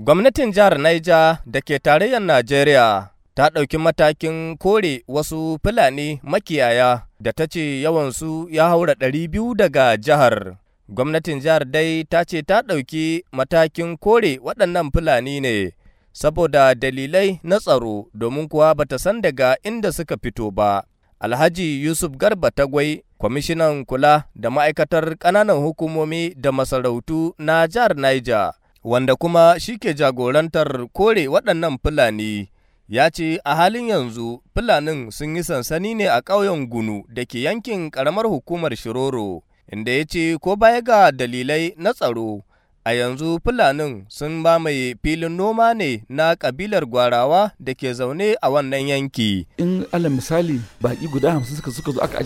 Gwamnatin jihar Naija da ke tarayyar Najeriya ta ɗauki matakin kore wasu Fulani makiyaya da ta ce yawansu ya haura ɗari biyu daga jihar. Gwamnatin jihar dai ta ce ta ɗauki matakin kore waɗannan Fulani ne saboda dalilai na tsaro domin kuwa ba ta san daga inda suka fito ba. Alhaji Yusuf Garba Tagwai, kwamishinan kula da ma'aikatar ƙananan hukumomi da masarautu na jihar Niger, wanda kuma shi ke jagorantar kore waɗannan Fulani, ya ce a halin yanzu Fulanin sun yi sansani ne a ƙauyen Gunu da ke yankin ƙaramar hukumar Shiroro, inda ya ce ko baya ga dalilai na tsaro. A yanzu Fulanin sun mamaye filin noma ne na ƙabilar Gwarawa da ke zaune a wannan yanki. In alal misali baƙi guda hamsin suka zo aka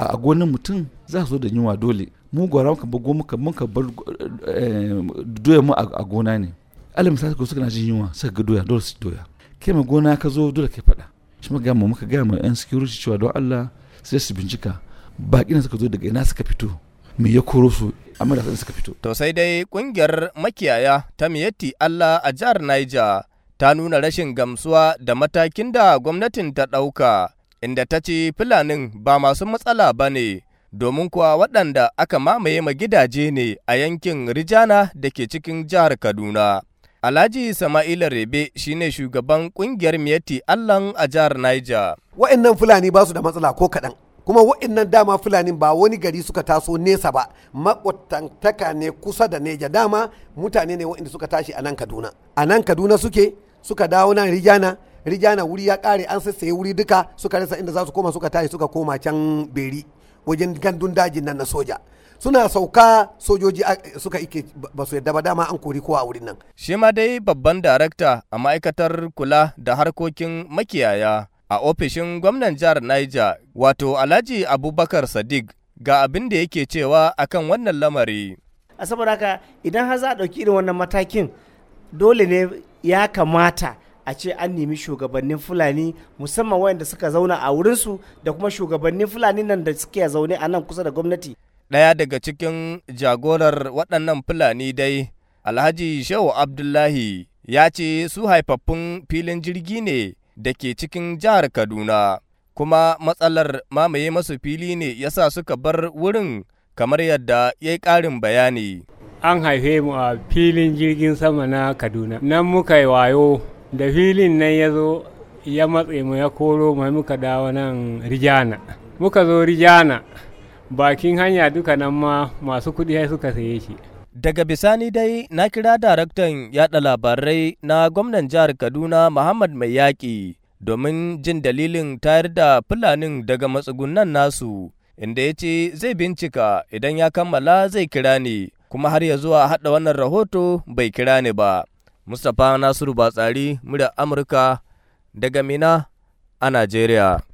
a gonan mutum za su zo da yunwa dole. mu gwara muka bugo muka muka bar eh, doya mu a gona ne alal misali ko suka na jin yunwa suka ga doya dole su doya kai ma gona ka zo dole kai faɗa shi muka gama muka gama yan security cewa don Allah sai su bincika baƙi na suka zo daga ina suka fito me ya koro su amma da suka fito to sai dai kungiyar makiyaya ta miyatti Allah a jihar Niger ta nuna rashin gamsuwa da matakin da gwamnatin ta ɗauka inda ta ce fulanin ba masu matsala ba ne domin kuwa waɗanda aka mamaye ma gidaje ne a yankin Rijana da ke cikin jihar Kaduna. Alhaji Sama'ila Rebe shi ne shugaban ƙungiyar Miyati Allahn a jihar Niger. Wa'annan Fulani ba su da matsala ko kaɗan. kuma wa'annan dama Fulani ba wani gari suka taso nesa ba makwatantaka ne kusa da neja dama mutane ne wa'anda suka tashi a nan kaduna a nan kaduna suke suka dawo nan rijana rijana wuri ya ƙare an sassaye wuri duka suka rasa inda za su koma suka tashi suka koma can beri wajen gandun dajin nan na soja suna sauka sojoji suka ike ba su yadda ba dama an kori kowa a wurin nan. Shi ma dai babban darakta a ma'aikatar kula da harkokin makiyaya a ofishin gwamnan jihar Niger wato Alhaji Abubakar Sadiq ga abin da yake cewa akan wannan lamari. A saboda haka idan har za a ɗauki irin wannan matakin dole ne ya kamata a ce an nemi shugabannin fulani musamman wayanda suka zauna a wurinsu da kuma shugabannin fulani nan da suke zaune a nan kusa da gwamnati ɗaya daga cikin jagorar waɗannan fulani dai alhaji shehu abdullahi ya ce su haifaffun filin jirgi ne da ke cikin jihar kaduna kuma matsalar mamaye masu fili ne yasa suka bar wurin kamar yadda ya yi ƙarin bayani an haife mu a filin jirgin sama na kaduna nan muka yi wayo da filin nan ya zo ya matse mu ya koro mu muka dawo nan rijana muka zo rijana bakin hanya duka nan ma masu kuɗi sai suka saye shi daga bisani dai na kira daraktan yada labarai na gwamnan jihar kaduna muhammad mai yaƙi domin jin dalilin tayar da fulanin daga matsugunan nasu inda ya ce zai bincika idan ya kammala zai kira ni kuma har ya zuwa haɗa wannan rahoto bai kira ni ba Mustapha Nasiru Batsari, muryar Amurka daga Mina a Najeriya.